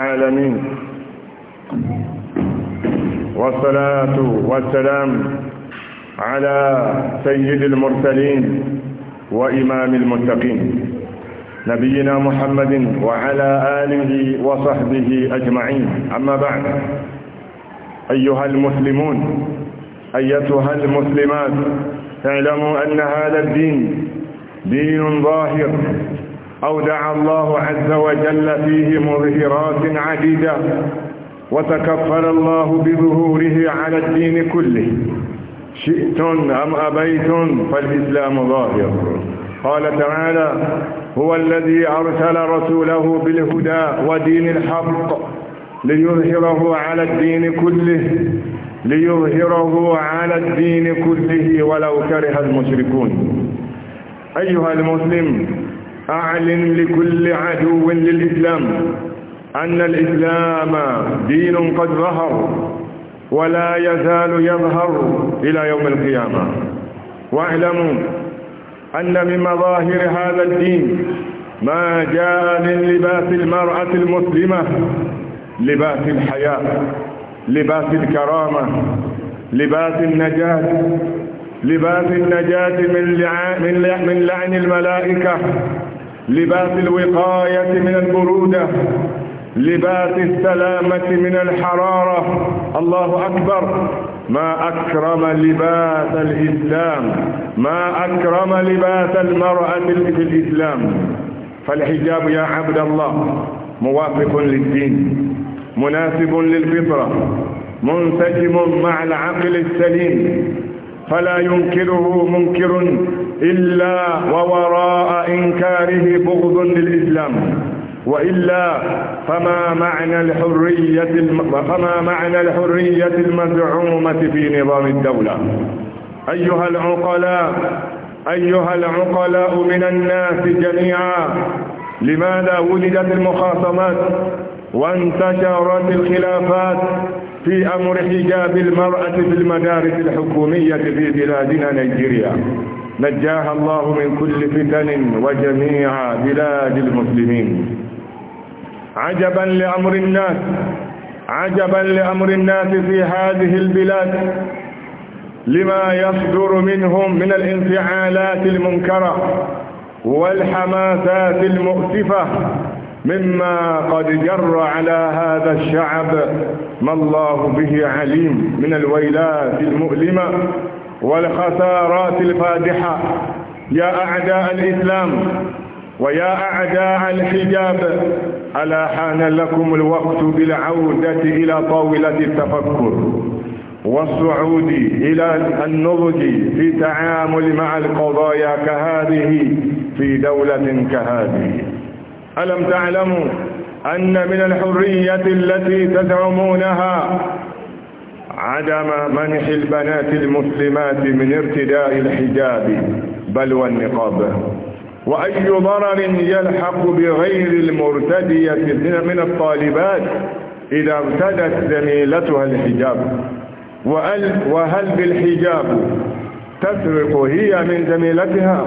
العالمين والصلاة والسلام على سيد المرسلين وإمام المتقين نبينا محمد وعلى آله وصحبه أجمعين أما بعد أيها المسلمون أيتها المسلمات اعلموا أن هذا الدين دين ظاهر أودع الله عز وجل فيه مظهرات عديدة وتكفل الله بظهوره على الدين كله شئت أم ابيت فالإسلام ظاهر قال تعالى هو الذي أرسل رسوله بالهدى ودين الحق ليظهره على الدين كله ليظهره على الدين كله ولو كره المشركون أيها المسلم أعلن لكل عدو للإسلام أن الإسلام دين قد ظهر ولا يزال يظهر إلى يوم القيامة واعلموا أن من مظاهر هذا الدين ما جاء من لباس المرأة المسلمة لباس الحياة لباس الكرامة لباس النجاة لباس النجاة من لعن الملائكة لباس الوقاية من البرودة لباس السلامة من الحرارة الله أكبر ما أكرم لباس الإسلام ما أكرم لباس المرأة في الإسلام فالحجاب يا عبد الله موافق للدين مناسب للفطرة منسجم مع العقل السليم فلا ينكره منكر إلا ووراء إنكاره بغض للإسلام وإلا فما معنى الحرية فما معنى الحرية المزعومة في نظام الدولة أيها العقلاء أيها العقلاء من الناس جميعا لماذا ولدت المخاصمات وانتشرت الخلافات في أمر حجاب المرأة في المدارس الحكومية في بلادنا نيجيريا نجاها الله من كل فتن وجميع بلاد المسلمين عجبا لأمر الناس عجبا لأمر الناس في هذه البلاد لما يصدر منهم من الانفعالات المنكرة والحماسات المؤسفة مما قد جر على هذا الشعب ما الله به عليم من الويلات المؤلمة والخسارات الفادحة يا أعداء الإسلام ويا أعداء الحجاب ألا حان لكم الوقت بالعودة إلى طاولة التفكر والصعود إلى النضج في تعامل مع القضايا كهذه في دولة كهذه ألم تعلموا أن من الحرية التي تزعمونها عدم منح البنات المسلمات من ارتداء الحجاب بل والنقاب وأي ضرر يلحق بغير المرتدية من الطالبات إذا ارتدت زميلتها الحجاب وهل بالحجاب تسرق هي من زميلتها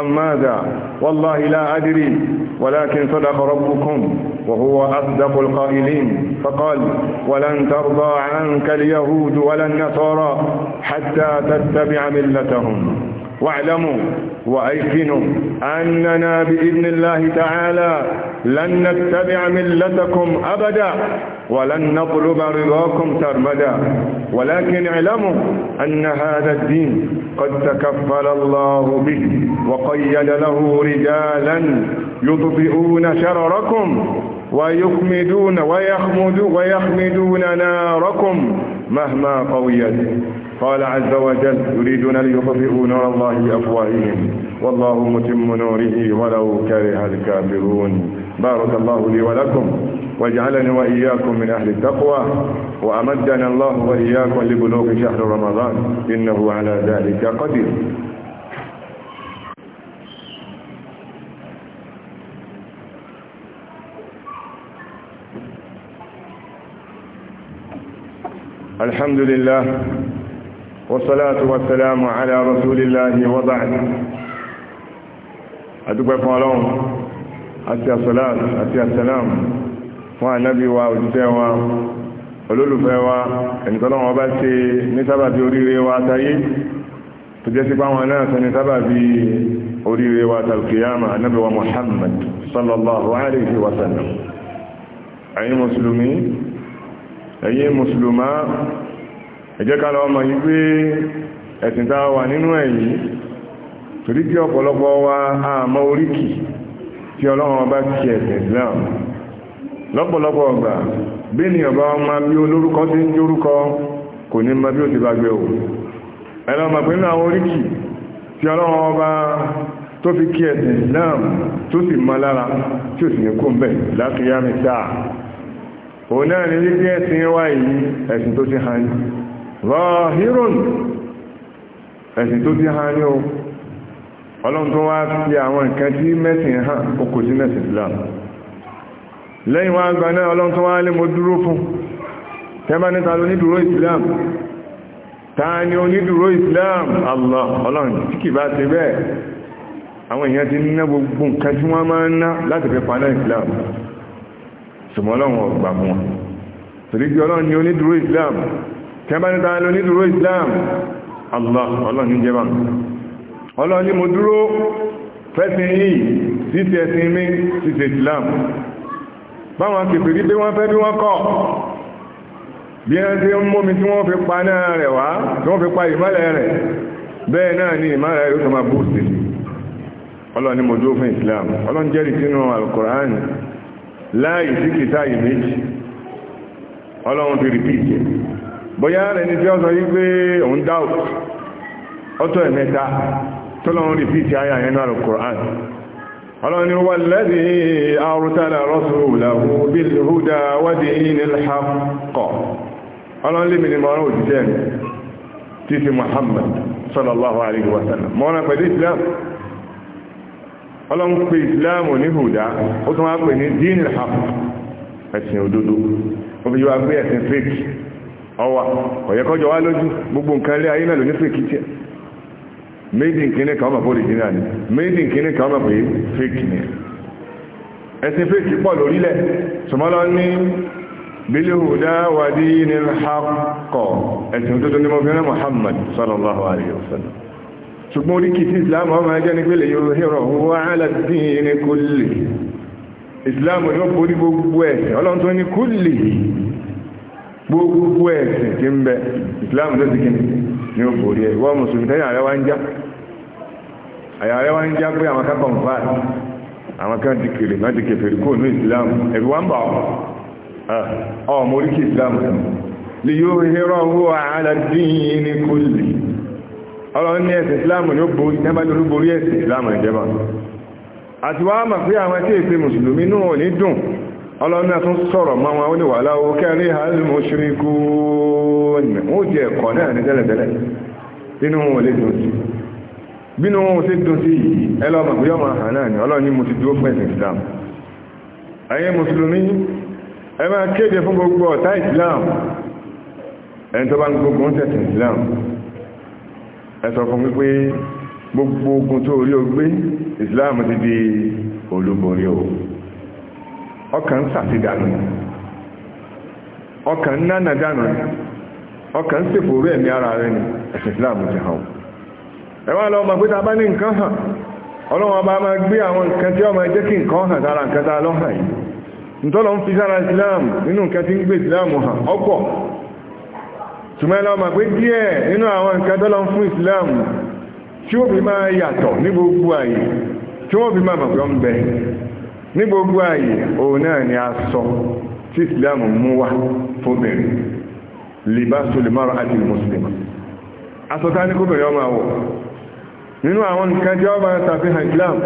أم ماذا والله لا أدري ولكن صدق ربكم وهو أصدق القائلين فقال ولن ترضى عنك اليهود ولا النصارى حتى تتبع ملتهم واعلموا وأيقنوا أننا بإذن الله تعالى لن نتبع ملتكم أبدا ولن نطلب رضاكم سرمدا ولكن اعلموا أن هذا الدين قد تكفل الله به وقيد له رجالا يطفئون شرركم ويخمدون ويخمدون ناركم مهما قويت قال عز وجل يريدون ليطفئوا نور الله بأفواههم والله متم نوره ولو كره الكافرون بارك الله لي ولكم واجعلني وإياكم من أهل التقوى وأمدنا الله وإياكم لبلوغ شهر رمضان إنه على ذلك قدير الحمد لله والصلاة والسلام على رسول الله وبعد أدوبة فالون أتي الصلاة أتي السلام ونبي وأجتوى olólùfẹ́ wa ẹ̀nìtọ́lọ́wọ́ bá ṣe ní sábàbí oríire wa táyé tó jẹ́ sí páwọn náà sọ ní sábàbí oríire wa tàbíkìyàmà anábíwa Muhammad sallallahu alaihi wasallam ayin musulmi ẹ̀yin mùsùlùmá ẹjẹ́ ká lọ mọ̀ yí pé ẹ̀sìn tá wà nínú ẹ̀yìn torí kí ọ̀pọ̀lọpọ̀ wa àmọ́ oríkì tí ọlọ́run ọba ti ẹ̀sìn Islam lọ́pọ̀lọpọ̀ ọgbà bí ni ọba ọmọ bí olórúkọ tí ń jórúkọ kò ní mọ bí ó ti bá gbé o ẹlọ́mọ̀ pé ní ọba tó fi kí ẹ̀sìn Islam tó sì mọ́ lára tí ò sì ní kó ń bẹ̀ láti yá òun náà ni wípé ẹ̀sìn wa yìí ẹ̀sìn tó ti hàn ní rọ́hírùn ẹ̀sìn tó ti hàn ní o ọlọ́run tó wá fi àwọn nǹkan tí mẹ́sìn hàn ó kò sí mẹ́sìn Islam lẹ́yìn wá gbà náà ọlọ́run tó wá lé mo dúró fún tẹ́bá níta ló ní dúró Islam ta ni onídúró Islam Allah ọlọ́run tí kì bá ti bẹ́ẹ̀ àwọn èèyàn ti ní gbogbo nǹkan tí wọ́n ṣùgbọ́n ọlọ́run ọgbà fún wọn torí pé ọlọ́run ni onídúró islam kẹbánítà ló nídúró islam allah ọlọ́run ní jẹba ọlọ́run ni mo dúró fẹ́sìn yìí títí ẹ̀sìn mi títí islam báwọn kèfèrí bí wọ́n fẹ́ bí wọ́n kọ̀ bí wọ́n ti ń tí wọ́n fi pa náà rẹ̀ wá tí wọ́n fi pa ìmọ́lẹ̀ rẹ̀ bẹ́ẹ̀ náà ni ìmọ́lẹ̀ rẹ̀ yóò tó máa bóòsì ọlọ́run fún islam ọlọ́run jẹ́rìí sínú alukọ̀ránì láàyè sí kìtà yìí méjì ọlọ́run ti rìpíìtì ẹ̀ bóyá rẹ̀ ní tí ó sọ wípé òun dáwò ọtọ́ ẹ̀mẹ́ta tọ́lọ́run rìpíìtì ayà yẹn náà Al-Qur'an ọlọ́run ni wà lẹ́dí arútàlà rasulahu ọlọ́run pé islam ní hùdá ó tún wá pè ní dín ìlhàp ẹ̀sìn òdodo ó fi yíwa pé ẹ̀sìn fèkì ọwà ọ̀yẹ́kọ́jọ wá lójú gbogbo nǹkan lé ayé náà ló ní fèkì tí méjì nkíní kan mọ̀ pé òrìjìnà ni méjì nkíní kan mọ̀ pé fèkì ni ẹ̀sìn fèkì pọ̀ lórílẹ̀ ṣùgbọ́n orí kìí sí islam ọmọ ẹjẹ́ ní pẹ́lẹ̀ yóò hẹ́rọ̀ wọ́n aládìíní kúlì islam ni ó borí gbogbo ẹ̀sẹ̀ ọlọ́run tó ní kúlì gbogbo ẹ̀sẹ̀ tí ń bẹ islam tó ti kìí ni ó borí ẹ̀ wọ́n mùsùlùmí tẹ́yà rẹ̀ wá ń já àyà rẹ̀ wá ń já pé ọlọ́run ní ẹ̀sìn islam ní ó borí tẹ́bá lórí borí ẹ̀sìn islam ìjẹba àti wá mà pé àwọn tí èsè mùsùlùmí náà ní dùn ọlọ́run náà tún sọ̀rọ̀ mọ́ wọn ó ní wà láwọ́ kẹrin halimu ṣíríkú ó jẹ ẹ̀kọ́ náà ní tẹ́lẹ̀tẹ́lẹ̀ nínú wọn lè dùn sí bínú wọn sì dùn sí ẹlọ́mà pé ọmọ àhà náà ni ọlọ́run e fún wípé gbogbo ogun tó orí ogbé islam ti di olúborí o ọkàn sàtìdànù ọkàn dànù ọkàn sèfòrò ẹ̀mí ara rẹ̀ ni ẹ̀sìn islam ti hàn ẹwà lọ ọmọ pé bá ní nǹkan hàn ọlọ́wọ́n bá máa gbé àwọn nǹkan tí ó máa kí nǹkan hàn sára nǹkan tá lọ́hàn yìí nítọ́lọ́ ń fi sára islam nínú nǹkan tí ń gbé islam hàn ṣùgbọ́n lọ ma pé díẹ̀ nínú àwọn nǹkan tọ́lọ fún Islam tí ó fi máa yàtọ̀ ní gbogbo ààyè tí wọ́n fi máa mọ̀gbọ́n bẹ ní gbogbo ààyè òun náà ni aṣọ tí Islam mú wá fóbìnrin libasul mar'ati muslima aṣọ tá ní kóbìnrin ọmọ àwọ̀ nínú àwọn nǹkan tí ó máa ṣàfihàn Islam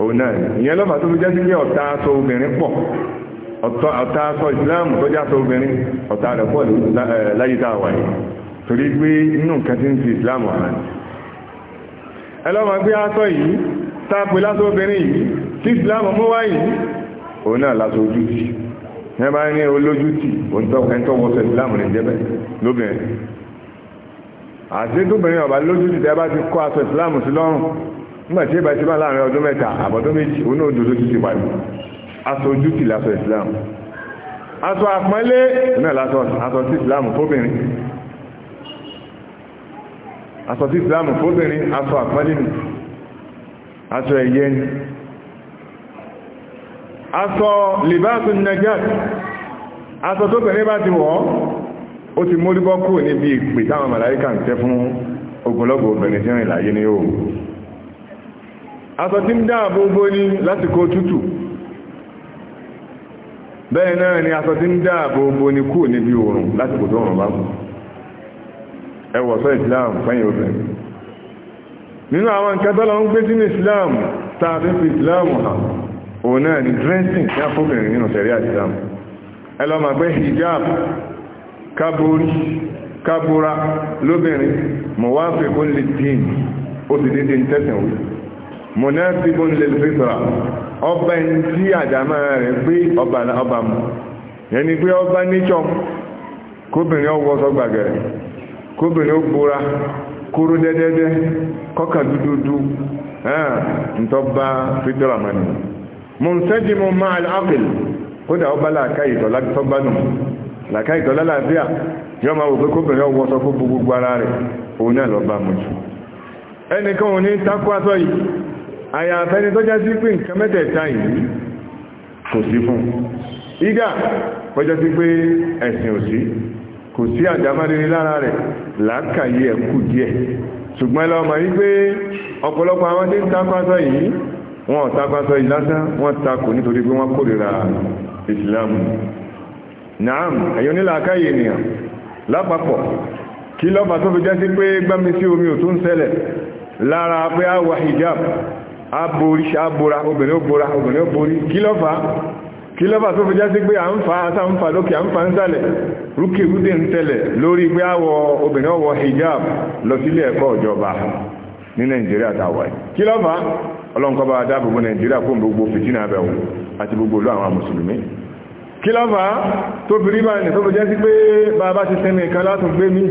òun náà ìyẹn lọ́fà tó fi jẹ́ sí pé ọ̀tá aṣọ obìnrin pọ̀ ọ̀tá sọ ìsìláàmù tó jáfẹ́ obìnrin ọ̀tá rẹ̀ pọ̀ láyé tá a wà yìí torí pé inú nǹkan tí ń fi ìsìláàmù ara ní ẹlọ́mọ pé aṣọ yìí tápé lásọ obìnrin yìí tí ìsìláàmù mú wá yìí òun náà lásọ ojú tì ní ẹbá ní olójú tì òǹtọ́ wọ́sọ ìsìláàmù ní jẹ́bẹ̀ lóbìnrin àti tóbìnrin ọ̀bá lójú tì tẹ́ bá ti kọ́ aṣọ ìsìláàmù sí lọ́rùn nígbà tí ìbá ti bá láàrin ọdún mẹ́ta àbọ̀dún méjì òun náà dòdó títí wáyé aṣọ ojútì lásọ islam aṣọ àpọ́nlé náà lásọ aṣọ sí islam fóbìnrin aṣọ sí islam fóbìnrin aṣọ àpọ́nlé ni aṣọ ẹ̀yẹ ni aṣọ libasun najat aṣọ tó bẹ̀rẹ̀ bá ti wọ̀ ó ti mórígbọ́ kúrò níbi ìpè táwọn màláíkà ń tẹ́ fún ogunlọ́gbọ̀ obìnrin tí rìn láyé ní òun aṣọ tí ń dáàbò bó ní lásìkò tútù bẹ́ẹ̀ náà ni aṣọ tí ń dáàbò bo ni kú níbi oòrùn lásìkò tó rùn bá mú ẹwọ̀ sọ islam fẹ́yìn obìnrin nínú àwọn nǹkan tọ́lọ ń gbé sínú islam tààbí fi islam hàn òun náà ni dressing ní afọ́bìnrin nínú sẹ̀rí islam ẹlọ́mà pé hijab kábúra lóbìnrin mọ̀wáfẹ́kún lè dín ó sì dédé ń tẹ́sìn ọba ẹni tí àdámà gbé ọba ọba mu ẹni ọba níjọ kóbìnrin ọwọ́ sọgbàgẹ̀rẹ̀ kóbìnrin ó kóró dẹ́dẹ́dẹ́ kọ́kà dúdúdú ntọ́ba fídọ́rà mọ́ni mọ̀nsẹ́dìmọ̀ máa ápìlì kódà ọba làákà ìtọ́lá tọ́ba nù làákà ìtọ́lá làáfíà yọ máa wò pé kóbìnrin ọwọ́ sọ fún gbogbo ara òun náà ẹnìkan takú aṣọ àyàfẹ́ni tó jẹ́ sí pé nǹkan mẹ́tẹ̀ẹ̀ta yìí kò sí fún ìgà pẹ́jọ́ sí pé ẹ̀sìn ò sí kò sí àjámọ́dé lára rẹ̀ láàkàyé ẹ̀kú díẹ̀ ṣùgbọ́n ẹlọ́mọ̀ yí pé ọ̀pọ̀lọpọ̀ àwọn tí ń takwásọ yìí wọ́n takwásọ yìí lásán wọ́n takò nítorí pé wọ́n kórìíra ìsìlámù naam ẹ̀yọ́ nílà àkáyè ènìyàn lápapọ̀ kí lọ́pàá tó fi jẹ́ sí pé gbámi sí omi ò tún ṣẹlẹ̀ lára pé á wà hijab aborí ṣàbora obìnrin òbora obìnrin òborí kí lọ́fà kí lọ́fà tó fi jásí pé à ń fa àṣà ń fa lókè à ń fa ń sálẹ̀ rúkè rúdè ń tẹ̀lẹ̀ lórí pé àwọ obìnrin ọwọ́ hijab lọ sílé ẹ̀kọ́ ìjọba ní nàìjíríà tàwa kí lọ́fà ọlọ́nkọ́ba dáàbòbò nàìjíríà fún gbogbo fìtínà abẹ́wò àti gbogbo olú àwọn mùsùlùmí kí lọ́fà tó fi rí báyìí tó fi jásí pé bàbá ti sẹ́mi kan látùn gbé mi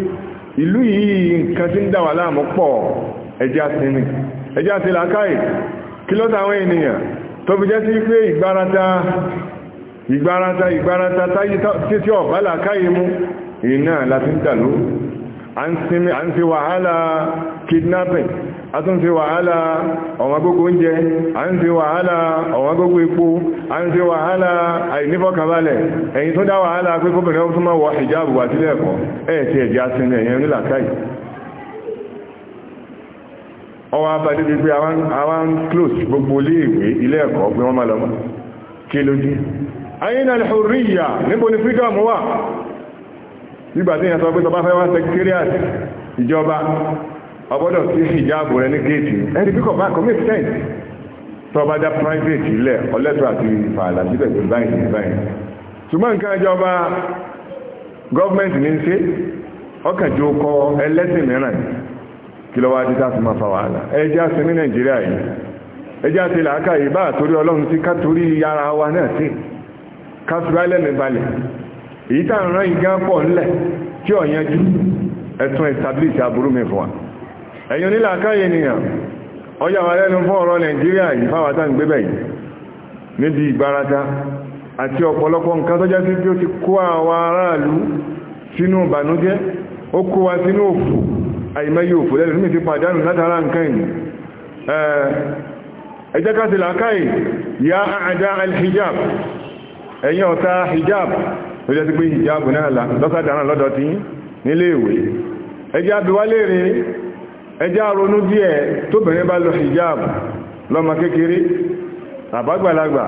sinmi ẹjá ti làkáì kí ló tàwọn ènìyàn tó fi jẹ́ sí pé ìgbárata ìgbárata ìgbárata títí ọ̀bá làkáì mú iná láti ń tàlú à ń ṣe wàhálà kidnapping a tún ṣe wàhálà ọ̀wọ́n gógó oúnjẹ a ń ṣe wàhálà ọ̀wọ́n gógó epo a ń ṣe wàhálà àìnífọ́kàbalẹ̀ ẹ̀yìn tó dá wàhálà pé kóbìnrin ó súnmọ́ wọ ìjáàbù àtílẹ̀ ẹ̀kọ́ ẹ̀ẹ̀tì ẹ̀já sínú ẹ̀yẹn onílàkáì ọwọ́ abájú gbígbé àwọn close gbogbo iléèwé ilé ẹ̀kọ́ pé wọ́n má lọ mọ́ kí ló dé ayéna al-hurriya níbo ni freedom wà nígbà tí ìyàtọ̀ pé tọba fẹ́ wá secretariat ìjọba ọgbọ́dọ̀ sí ìjáàbò rẹ ní géètì ẹni bí kò bá commit sense tọba dá private ilẹ̀ ọlẹ́tọ̀ àti fààlà síbẹ̀ tó báyìí ní báyìí ṣùgbọ́n nǹkan ìjọba gọ́ọ̀mẹ̀ntì ní ń ṣe ọkàn jókòó ẹlẹ́sìn mìíràn yìí kí ló wá dé táàfin máa fa ní nàìjíríà yìí ẹjẹ́ àṣẹ làákà yìí bá ọlọ́run sí ká torí yára wa náà sí ká sùrá balẹ̀ èyí tá rán pọ̀ ńlẹ̀ tí ò jù ẹ̀tún establish mi fún wa ọjà lẹ́nu fún ọ̀rọ̀ nàìjíríà yìí àìmẹ́yí òfò lẹ́lẹ̀ níbi ti pàdánù látara nǹkan yìí ẹjẹ́ ká sí làákàí ya àjá alhijab ẹ̀yin ọ̀tá hijab ló jẹ́ sí pé hijab náà lọ́sàdánà lọ́dọ̀ tí nílé ìwé ẹjẹ́ àbíwálé rẹ̀ ẹjẹ́ àronú díẹ̀ tóbìnrin bá lọ hijab lọ́mọ kékeré àbágbàlagbà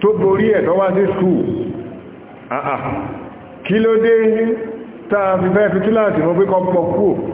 tó borí ẹ̀ tọ́wá sí skúù kí ló dé tàà fẹ́ fi kíláàsì mọ́ pé pọ̀ kúò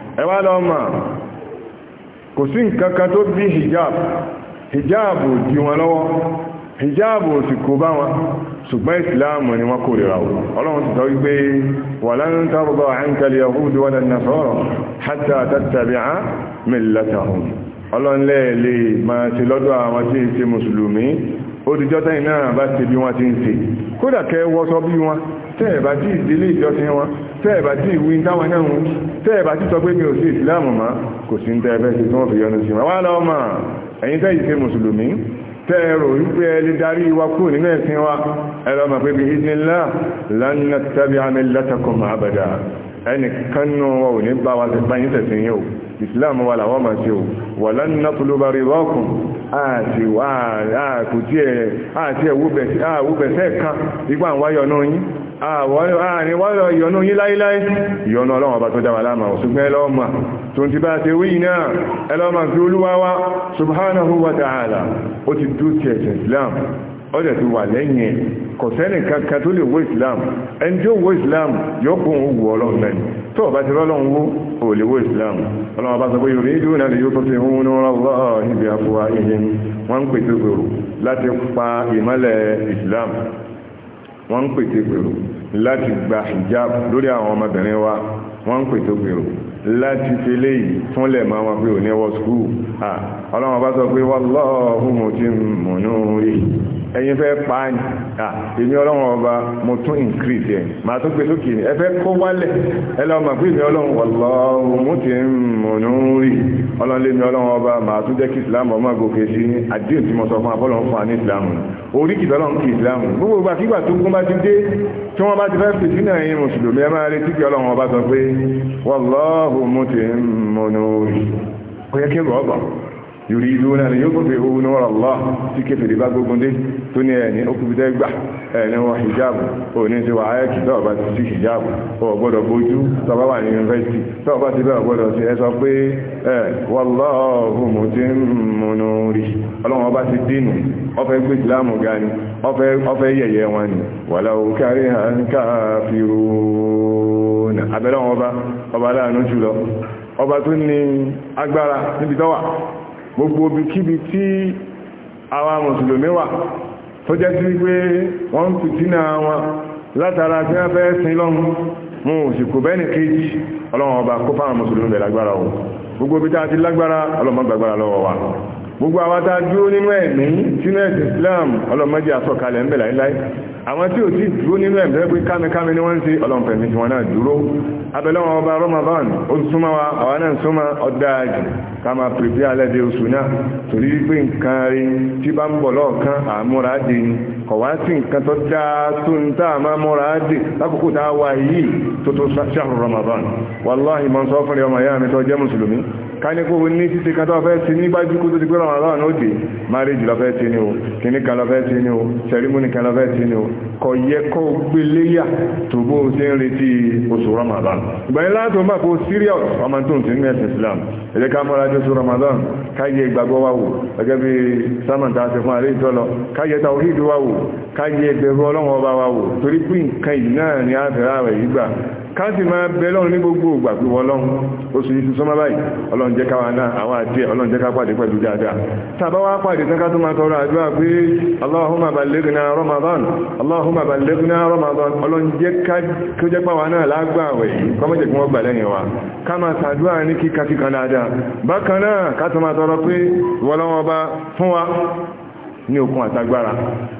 ẹwà lọ́mà kò sí nǹkankan tó bí hijab hijab ò dí wọn lọ́wọ́ hijab ò sì kó bá wọn ṣùgbọ́n ìsìláàmù ni wọ́n kò rí ráwọ̀ ọlọ́run ti sọ wípé wà lan tarda anka al-yahudu wala an-nasara hatta tattabi'a millatahum ọlọ́run lẹ́ẹ̀lẹ́ máa ṣe lọ́dọ̀ àwọn tí ń ṣe mùsùlùmí ó dìjọ́ tẹ́yìn náà bá ṣe bí wọ́n ti ń ṣe kódà kẹ́ bí wọ́n tẹ́ẹ̀bá tí ìdílé ìjọsìn wọn tẹ́ẹ̀bá tí ìwé táwọn náà ń tẹ́ẹ̀bá tí sọ pé mi ò sí ìsìláàmù mọ́ kò sí ń tẹ́ ẹbẹ́ sí tí wọ́n fi yọnu sí wọn wá lọ mà ẹ̀yin tẹ́ ìṣe mùsùlùmí tẹ́ẹ̀rọ wípé ẹni darí wa kú nínú ẹ̀sìn wa ẹlọ mà pé bí ìdínlá lánà tàbí àmì látàkọ̀ mà àbàdà ẹni kánú wa ò wà lánà ẹ̀ àti ẹ̀wúbẹ̀sẹ̀ kan igbá àwọn wáyọ̀ náà yín àárín ah, wọ́lọ̀ ah, ìyọnú yí láíláí ìyọnú ọlọ́run ọba tó dáwà láàmà ṣùgbọ́n ẹlọ́ọ̀mà tó ti bá ṣe wíyìn náà ẹlọ́ọ̀mà fi olúwáwá subhanahu wa ta'ala ó ti dú ti ẹ̀sẹ̀ islam wọ́n ń pètè pèrò láti gba hijab lórí àwọn ọmọbìnrin wa wọ́n ń pètè pèrò láti fi léyìí fúnlẹ̀ máa wọn pé ò ní ẹwọ́ skúù ọlọ́run bá sọ pé wallahu mutimmu nurihi ẹ̀yin fẹ́ pààyàn èmi ọlọ́run ọba mo tún increase ẹ̀ ma tún gbé lókè ní ẹfẹ́ kó wálẹ̀ ẹlọ́mà pé èmi ọlọ́run wallahu mutimmu nuri ọlọ́lẹ́mi ọlọ́run ọba ma tún jẹ́ kí islam ọmọ gòkè sí àdéhùn tí mo sọ fún abọ́lọ́run fún àní islam orí kìtọ́ ọlọ́run kí islam gbogbo ìgbà kígbà tó kún bá ti dé tí wọ́n bá ti fẹ́ fèsì náà yuriduna ni yutfi'u nur Allah tí kéfèrè bá gbógun tó ní ẹni ó kúbi ẹni wọ hijabu ò ní ṣe wà ọba ti si hijabu ò gbọ́dọ̀ bójú tọba wà ní yunifásitì ọba ti bẹ́ẹ̀ gbọ́dọ̀ si ẹ pe ẹ ti dínú ọfẹ́ gbé ìsìlámù ga na gbogbo ibikíbi tí àwọn mùsùlùmí wà tó jẹ́ sí pé wọ́n ń fìtínà wọn látara tí wọ́n fẹ́ sin lọ́hun mú òsìkò bẹ́ẹ̀nì kejì ọlọ́run ọba kó fáwọn mùsùlùmí bẹ̀ lágbára gbogbo ibi tá a ti lágbára ọlọ́run gbàgbára lọ́wọ́ wa gbogbo àwọn tá a dúró nínú ẹ̀mí sínú ẹ̀sìn Islam ọlọ́mọdé àsọkalẹ̀ ń bẹ̀ láíláí àwọn tí ò tí dúró nínú ẹ̀mí pé kámikámi ni wọ́n ń ṣe ọlọ́mfẹ̀mí tí wọ́n náà dúró abẹ́lọ́wọ́n ọba Ramadan ó súnmọ́ wa àwọn náà súnmọ́ ọdáàjì ká máa pèpè alẹ́dẹ̀ oṣù náà torí pé nǹkan rí tí bá ń bọ̀ lọ́ọ̀kan àmúra dé ni kọ̀wá sí nǹkan tó dáa tó ń tá Ramadan wàláhì mọ́ sọ fún ọmọ ìyá mi tó káni kó ní títí kan tó fẹ́ ti ní gbájú kó tó ti pé Ramadan ó dé marriage lọ fẹ́ ti ní o kìíní kan lọ fẹ́ ti ní o ceremony kan lọ ti ní o kò yẹ kó gbé tó bó o ti ń retí oṣù Ramadan ìgbà yẹn láti ọmọ àpò serious ọmọ tó ń ti ní ẹ̀sìn Islam ẹ̀jẹ̀ ká mọ́ra jẹ́ oṣù Ramadan káyé ìgbàgbọ́ wa wò gẹ́gẹ́ bí sámàn tá a ti fún àlẹ́ ìtọ́lọ káyé tawhid wa wò káyé ẹgbẹ̀rún ọlọ́run ọba wa wò torí pé nǹkan yìí náà ni a fẹ́ràn rẹ̀ yìí gbà ká sì máa bẹ lọ́run ní gbogbo ìgbà pé wọ́n lọ́run oṣù yìí ti sọ́mọ́ báyìí ọlọ́run ọlọ́run jẹ́ káwa náà àwọn àti ẹ̀ ọlọ́run jẹ́ ká pàdé pẹ̀lú dáadáa tàbá wá pàdé tán ká tó máa tọrọ àdúrà pé Allahumma ballighna Ramadan Allahumma ballighna Ramadan ọlọ́run jẹ́ kó jẹ́ pàwa náà lágbàwẹ̀ kọ́mọ́jẹ̀ kí wọ́n gbà lẹ́yìn wa ká máa tàdúrà ní kíkà kíkan dáadáa bákan náà ká tó máa tọrọ pé wọ́lọ́wọ́ bá fún wa ní okun àtagbára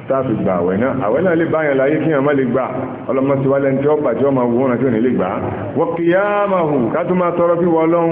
táàfi gba àwẹ̀ náà àwẹ̀ náà lè báyàn láyé kí àmà lè gbà ọlọ́mọ tí wá lẹ́ni tí ó pàjọ́ máa wọ́n tí ò ní lè gbà wọ́kìyàmáhù ká tó máa tọrọ fíwọ́ ọlọ́run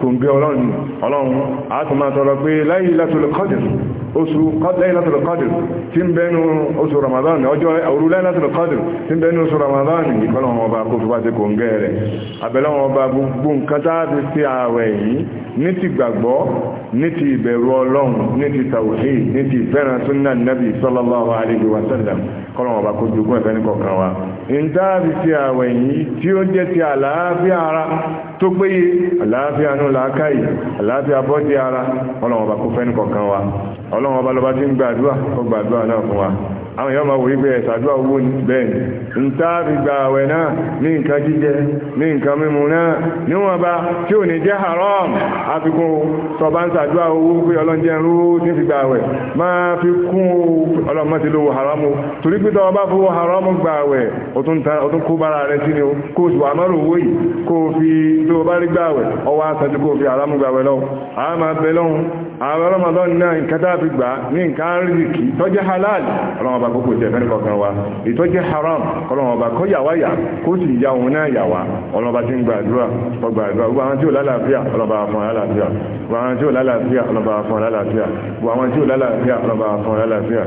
kò ń gẹ ọlọ́run ọlọ́run a tún máa tọrọ pé Laylatul Qadr oṣù Laylatul Qadr tí ń bẹnu oṣù Ramadan ọjọ́ òru Laylatul Qadr tí ń bẹnu oṣù Ramadan ìkọlọ́wọ́n ọba kò fi bá ti kò ń gẹ rẹ̀ abẹ́lọ́wọ́n ọba gbogbo nǹkan tá a ti fi ààwẹ̀ yìí ní ti gbàgbọ́ ní ti ìbẹ̀rù ọlọ́run ní ti tawhid ní tó péye àlàáfíà nù làákàyè àlàáfíà bọ́dí ara ọlọ́wọ́n ọba kó fẹ́ nìkọ̀ọ̀kan wa ọlọ́wọ́n ọba lọ́ba tí ń gbàdúrà ó gbàdúrà wa àwọn èèyàn máa wòye pé ẹ̀sàdúrà owó ń gba àwẹ̀ náà ní nǹkan jíjẹ ní nǹkan mímu haram àfikún ń sàdúrà owó pé ọlọ́njẹ́ ń fi gba àwẹ̀ máa fi kún ti lówó haram o torí pé tọba bá fowó haram àwẹ̀ ó tún o kó o owó yìí kó fi tó bá rí gbàwẹ̀ ọwọ́ aṣájú fi àrámú lọ àmà bẹ̀lọ́hun àwọn Ramadan náà nǹkan tá a fi gbà ní nǹkan rìkì tọ́jẹ́ halal ọlọ́wọ́n kókò jẹ́ fẹ́ni wa ìtọ́jẹ́ haram ọlọ́wọ́n kọ́ yàwá kó sì ya òun náà yàwá ọlọ́wọ́n bá ń gbàdúrà gbogbo àwọn tí ò lálàáfíà ọlọ́wọ́n fún lálàáfíà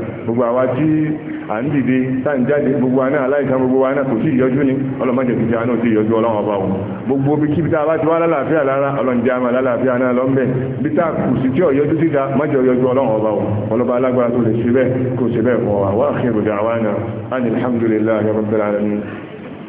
ibi tá a bá ti wá lálàáfíà lára ọlọ́njẹ́ àmà lálàáfíà náà lọ́mbẹ̀ bí tá a kù sí tí ọ̀yọ́jú síta májọ yọjú ọlọ́run ọba o ọlọ́ba alágbára tó lè ṣe bẹ́ẹ̀ kó ṣe bẹ́ẹ̀ fún wa wá àkíyèrò dàwọn náà alhamdulillahi alamin